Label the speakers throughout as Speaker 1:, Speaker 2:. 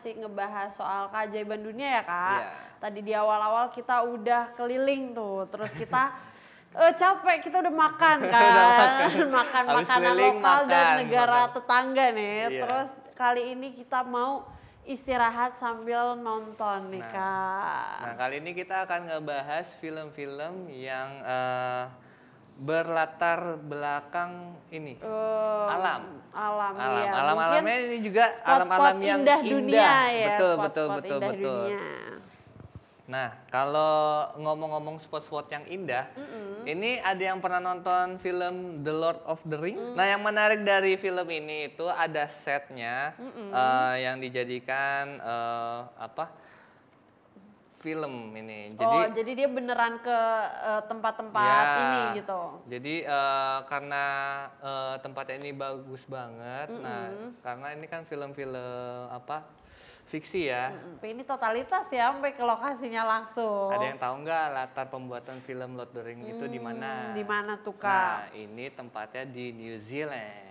Speaker 1: masih ngebahas soal keajaiban dunia ya kak. Yeah. Tadi di awal-awal kita udah keliling tuh, terus kita uh, capek kita udah makan kan, makan, makan Habis makanan lokal makan, dan negara makan. tetangga nih. Yeah. Terus kali ini kita mau istirahat sambil nonton nih nah, kak.
Speaker 2: Nah kali ini kita akan ngebahas film-film yang uh, berlatar belakang ini uh,
Speaker 1: alam alam alam ya. alam alamnya ini juga spot, alam alam yang indah, dunia ya betul spot, betul spot betul betul dunia.
Speaker 2: nah kalau ngomong-ngomong spot-spot yang indah mm -hmm. ini ada yang pernah nonton film The Lord of the Ring mm. nah yang menarik dari film ini itu ada setnya mm -hmm. uh, yang dijadikan uh, apa film ini. Oh, jadi, oh,
Speaker 1: jadi dia beneran ke eh, tempat-tempat uh, ya, ini gitu.
Speaker 2: Jadi uh, karena uh, tempatnya ini bagus banget. Mm -hmm. Nah, karena ini kan film-film apa? fiksi ya.
Speaker 1: Mm Ini totalitas ya sampai ke lokasinya langsung. Ada yang
Speaker 2: tahu nggak latar pembuatan film Lord of the Rings mm, itu di mana? Mm, di
Speaker 1: mana tuh, nah, Kak? Nah,
Speaker 2: ini tempatnya di New Zealand.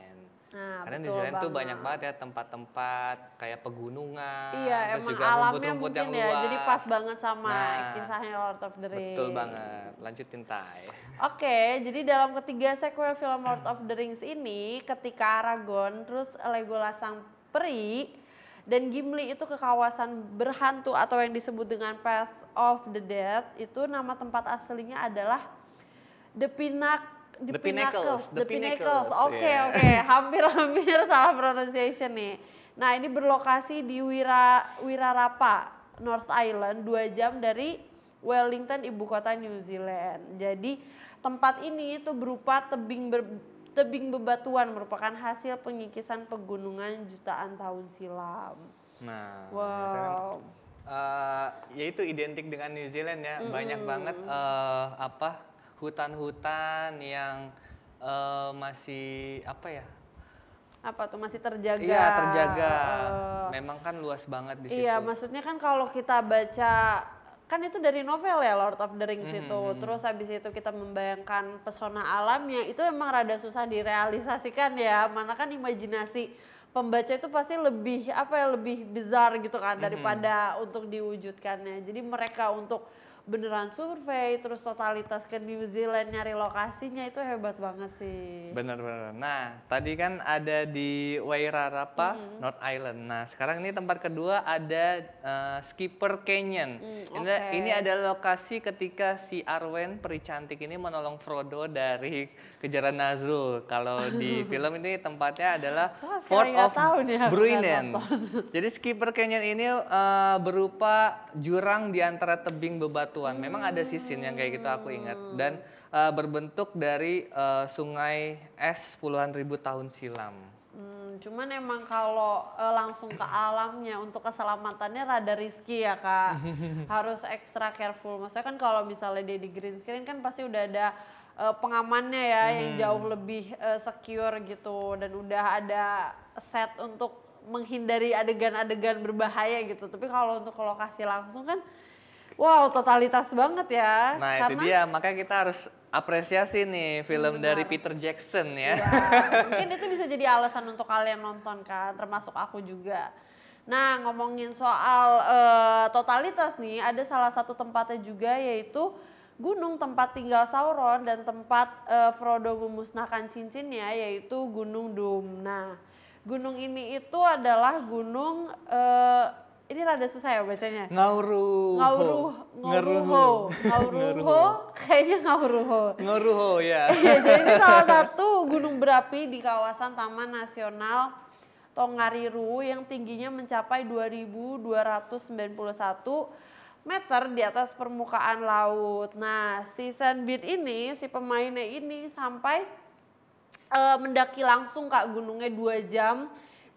Speaker 1: Nah, Karena betul di Zealand tuh banyak banget
Speaker 2: ya tempat-tempat kayak pegunungan, iya, terus emang juga rumput-rumput yang luas. Ya, jadi pas
Speaker 1: banget sama nah, kisahnya Lord of the Rings. Betul banget.
Speaker 2: Lanjutin Tai. Oke,
Speaker 1: okay, jadi dalam ketiga sequel film Lord of the Rings ini, ketika Aragorn, terus Legolas sang peri, dan Gimli itu ke kawasan berhantu atau yang disebut dengan Path of the dead itu nama tempat aslinya adalah The Pinnacle The, the Pinnacles. The, Pinnacles. Oke, oke. Hampir-hampir salah pronunciation nih. Nah, ini berlokasi di Wira Wirarapa, North Island, dua jam dari Wellington, ibu kota New Zealand. Jadi, tempat ini itu berupa tebing ber, tebing bebatuan merupakan hasil pengikisan pegunungan jutaan tahun silam. Nah, wow. Kan, uh,
Speaker 2: eh, yaitu identik dengan New Zealand ya, mm -hmm. banyak banget uh, apa hutan-hutan yang uh, masih apa ya?
Speaker 1: Apa tuh masih terjaga? Iya terjaga. Uh,
Speaker 2: Memang kan luas banget di iya, situ. Iya
Speaker 1: maksudnya kan kalau kita baca kan itu dari novel ya Lord of the Rings mm -hmm. itu. Mm-hmm. Terus habis itu kita membayangkan pesona alamnya itu emang rada susah direalisasikan ya. Mana kan imajinasi pembaca itu pasti lebih apa ya lebih besar gitu kan mm-hmm. daripada mm -hmm. untuk diwujudkannya. Jadi mereka untuk beneran survei terus totalitas ke New Zealand nyari lokasinya itu hebat banget sih. Bener-bener. Nah
Speaker 2: tadi kan ada di Wairarapa, mm -hmm. North Island. Nah sekarang ini tempat kedua ada uh, Skipper Canyon. Mm, okay. ini, ini ada lokasi ketika si Arwen peri cantik ini menolong Frodo dari kejaran Nazrul. Kalau di film ini tempatnya adalah Fort of Bruinen. Jadi Skipper Canyon ini uh, berupa jurang di antara tebing bebatu Memang ada sisin yang kayak gitu aku ingat dan uh, berbentuk dari uh, sungai es puluhan ribu tahun silam.
Speaker 1: Hmm, cuman emang kalau uh, langsung ke alamnya untuk keselamatannya rada riski ya kak, harus ekstra careful. Maksudnya kan kalau misalnya dia di green screen kan pasti udah ada uh, pengamannya ya hmm. yang jauh lebih uh, secure gitu dan udah ada set untuk menghindari adegan-adegan berbahaya gitu. Tapi kalau untuk ke lokasi langsung kan Wow, totalitas banget ya. Nah, Karena... itu dia. Makanya
Speaker 2: kita harus apresiasi nih film Benar. Hmm, dari iya. Peter Jackson ya. ya.
Speaker 1: Mungkin itu bisa jadi alasan untuk kalian nonton kan, termasuk aku juga. Nah, ngomongin soal uh, totalitas nih, ada salah satu tempatnya juga yaitu gunung tempat tinggal Sauron dan tempat uh, Frodo memusnahkan cincinnya yaitu Gunung Doom. Nah Gunung ini itu adalah gunung uh, ini rada susah ya bacanya.
Speaker 2: Ngauru. Ngauru. Ngauruho. Ngauruho.
Speaker 1: Kayaknya ngauruho.
Speaker 2: Ngauruho ya. Iya, jadi ini salah
Speaker 1: satu gunung berapi di kawasan Taman Nasional Tongariru yang tingginya mencapai 2291 meter di atas permukaan laut. Nah, si Sandbit ini, si pemainnya ini sampai uh, mendaki langsung kak gunungnya dua jam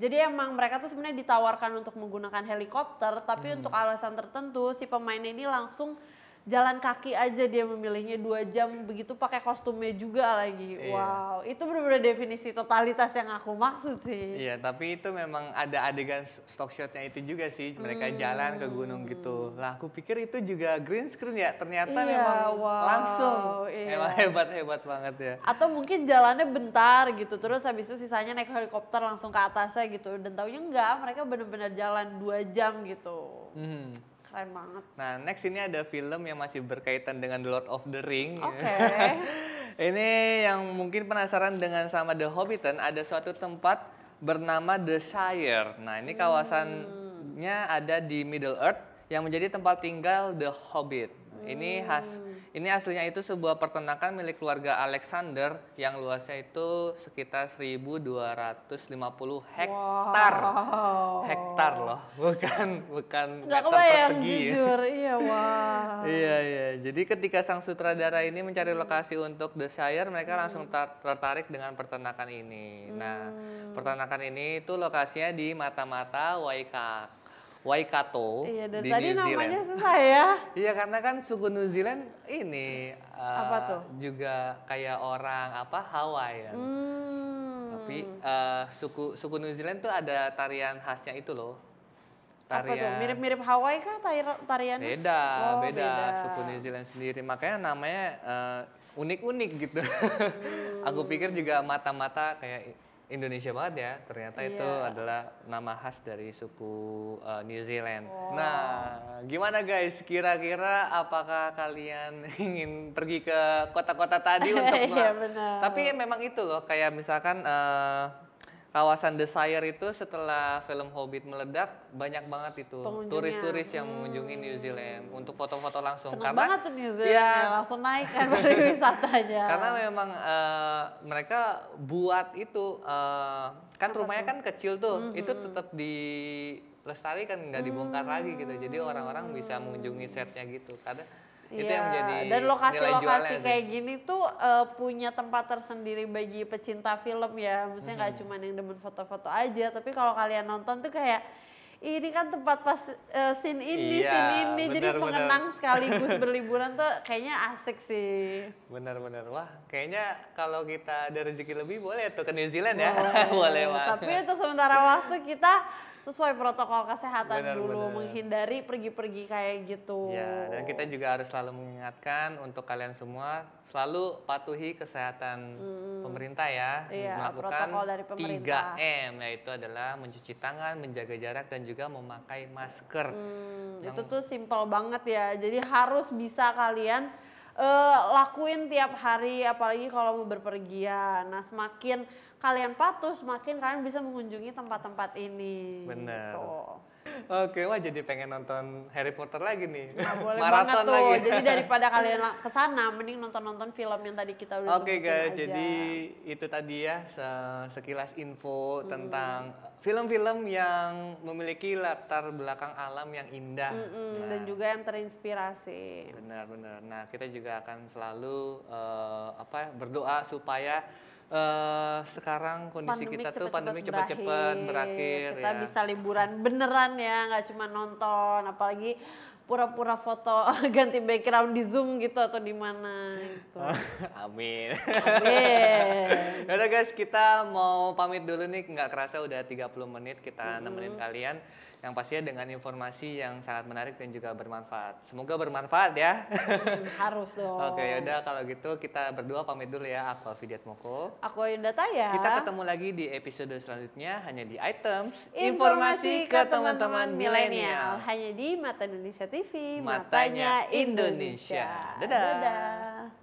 Speaker 1: jadi emang mereka tuh sebenarnya ditawarkan untuk menggunakan helikopter, tapi hmm. untuk alasan tertentu si pemainnya ini langsung jalan kaki aja dia memilihnya dua jam begitu pakai kostumnya juga lagi iya. wow itu benar-benar definisi totalitas yang aku maksud sih
Speaker 2: iya tapi itu memang ada adegan stock shotnya itu juga sih mereka hmm. jalan ke gunung gitu lah aku pikir itu juga green screen ya ternyata iya, memang wow, langsung
Speaker 1: iya. emang hebat
Speaker 2: hebat banget ya
Speaker 1: atau mungkin jalannya bentar gitu terus habis itu sisanya naik helikopter langsung ke atasnya gitu dan taunya enggak mereka benar-benar jalan dua jam gitu hmm Keren banget.
Speaker 2: Nah, next ini ada film yang masih berkaitan dengan The Lord of the Ring. Oke. Okay. ini yang mungkin penasaran dengan sama The Hobbiton, ada suatu tempat bernama The Shire. Nah, ini kawasannya hmm. ada di Middle Earth yang menjadi tempat tinggal The Hobbit. Ini hmm. khas ini aslinya itu sebuah peternakan milik keluarga Alexander yang luasnya itu sekitar 1250
Speaker 1: hektar. Wow. Hektar
Speaker 2: loh, bukan bukan Gak meter persegi. Ya. jujur.
Speaker 1: iya, wah.
Speaker 2: iya, iya. Jadi ketika sang sutradara ini mencari lokasi untuk The Shire, mereka hmm. langsung tertarik dengan peternakan ini. Nah, hmm. Nah, peternakan ini itu lokasinya di mata-mata Waikak. Waikato iya, dan di tadi New Zealand. namanya susah ya. iya karena kan suku New Zealand ini uh, apa eh, tuh? juga kayak orang apa Hawaii Hmm. Tapi uh, suku suku New Zealand tuh ada tarian khasnya itu loh.
Speaker 1: Tarian. Apa tuh? Mirip-mirip Hawaii kah tarian? Beda, oh, beda, beda. Suku
Speaker 2: New Zealand sendiri. Makanya namanya unik eh, unik-unik gitu. Hmm. Aku pikir juga mata-mata kayak Indonesia banget ya. Ternyata yeah. itu adalah nama khas dari suku uh, New Zealand. Wow. Nah, gimana guys? Kira-kira apakah kalian ingin pergi ke kota-kota tadi untuk? Iya yeah,
Speaker 1: benar. Tapi
Speaker 2: memang itu loh, kayak misalkan. Uh, kawasan The Desire itu setelah film Hobbit meledak banyak banget itu turis-turis yang hmm. mengunjungi New hmm. Zealand untuk foto-foto langsung Senang karena banget
Speaker 1: tuh New Zealand ya, ya langsung naik kan wisatanya karena
Speaker 2: memang uh, mereka buat itu uh, kan Apa rumahnya tuh? kan kecil tuh hmm. itu hmm. tetap di lestarikan nggak dibongkar hmm. lagi gitu jadi hmm. orang-orang bisa mengunjungi setnya gitu karena itu iya. yang menjadi Dan lokasi-lokasi kayak sih.
Speaker 1: gini tuh uh, punya tempat tersendiri bagi pecinta film ya. Maksudnya nggak hmm. cuma yang demen foto-foto aja, tapi kalau kalian nonton tuh kayak ini kan tempat pas uh, scene ini, iya, scene ini, bener, jadi bener. mengenang sekaligus berliburan tuh kayaknya asik sih.
Speaker 2: Benar-benar wah,
Speaker 1: kayaknya kalau kita
Speaker 2: ada rezeki lebih boleh tuh ke New Zealand boleh. ya, boleh. Tapi untuk
Speaker 1: sementara waktu kita sesuai protokol kesehatan bener, dulu bener. menghindari pergi-pergi kayak gitu. Ya, dan
Speaker 2: kita juga harus selalu mengingatkan untuk kalian semua selalu patuhi kesehatan hmm. pemerintah ya, iya, melakukan protokol dari pemerintah. 3M yaitu adalah mencuci tangan, menjaga jarak dan juga memakai masker. Hmm,
Speaker 1: itu tuh simpel banget ya. Jadi harus bisa kalian uh, lakuin tiap hari apalagi kalau mau berpergian. Nah, semakin kalian patuh, semakin kalian bisa mengunjungi tempat-tempat ini. Benar. Gitu.
Speaker 2: Oke, wah jadi pengen nonton Harry Potter lagi nih. Nah, boleh Maraton banget tuh. Lagi. Jadi daripada kalian
Speaker 1: ke sana mending nonton-nonton film yang tadi kita udah Oke, guys. Aja. Jadi
Speaker 2: itu tadi ya sekilas info hmm. tentang film-film yang memiliki latar belakang alam yang indah hmm, hmm nah, dan juga yang terinspirasi. Benar-benar. Nah, kita juga akan selalu uh, apa ya, berdoa supaya uh, sekarang kondisi pandemik kita cepet tuh pandemi cepat-cepat berakhir. berakhir. Kita ya. bisa
Speaker 1: liburan beneran ya, nggak cuma nonton, apalagi pura-pura foto ganti background di Zoom gitu atau di mana gitu. Oh,
Speaker 2: amin. Amin. Yaudah guys, kita mau pamit dulu nih. Nggak kerasa udah 30 menit kita -hmm. nemenin kalian. Yang pastinya dengan informasi yang sangat menarik dan juga bermanfaat. Semoga bermanfaat ya.
Speaker 1: Hmm, harus dong. Oke, yaudah
Speaker 2: kalau gitu kita berdua pamit dulu ya. Aku Alfidiat Moko.
Speaker 1: Aku Yunda Taya. Kita ketemu
Speaker 2: lagi di episode selanjutnya hanya di Items. Informasi, informasi ke teman-teman milenial.
Speaker 1: Hanya di Mata Indonesia TV. TV Matanya, Indonesia. Indonesia. Dadah. Dadah.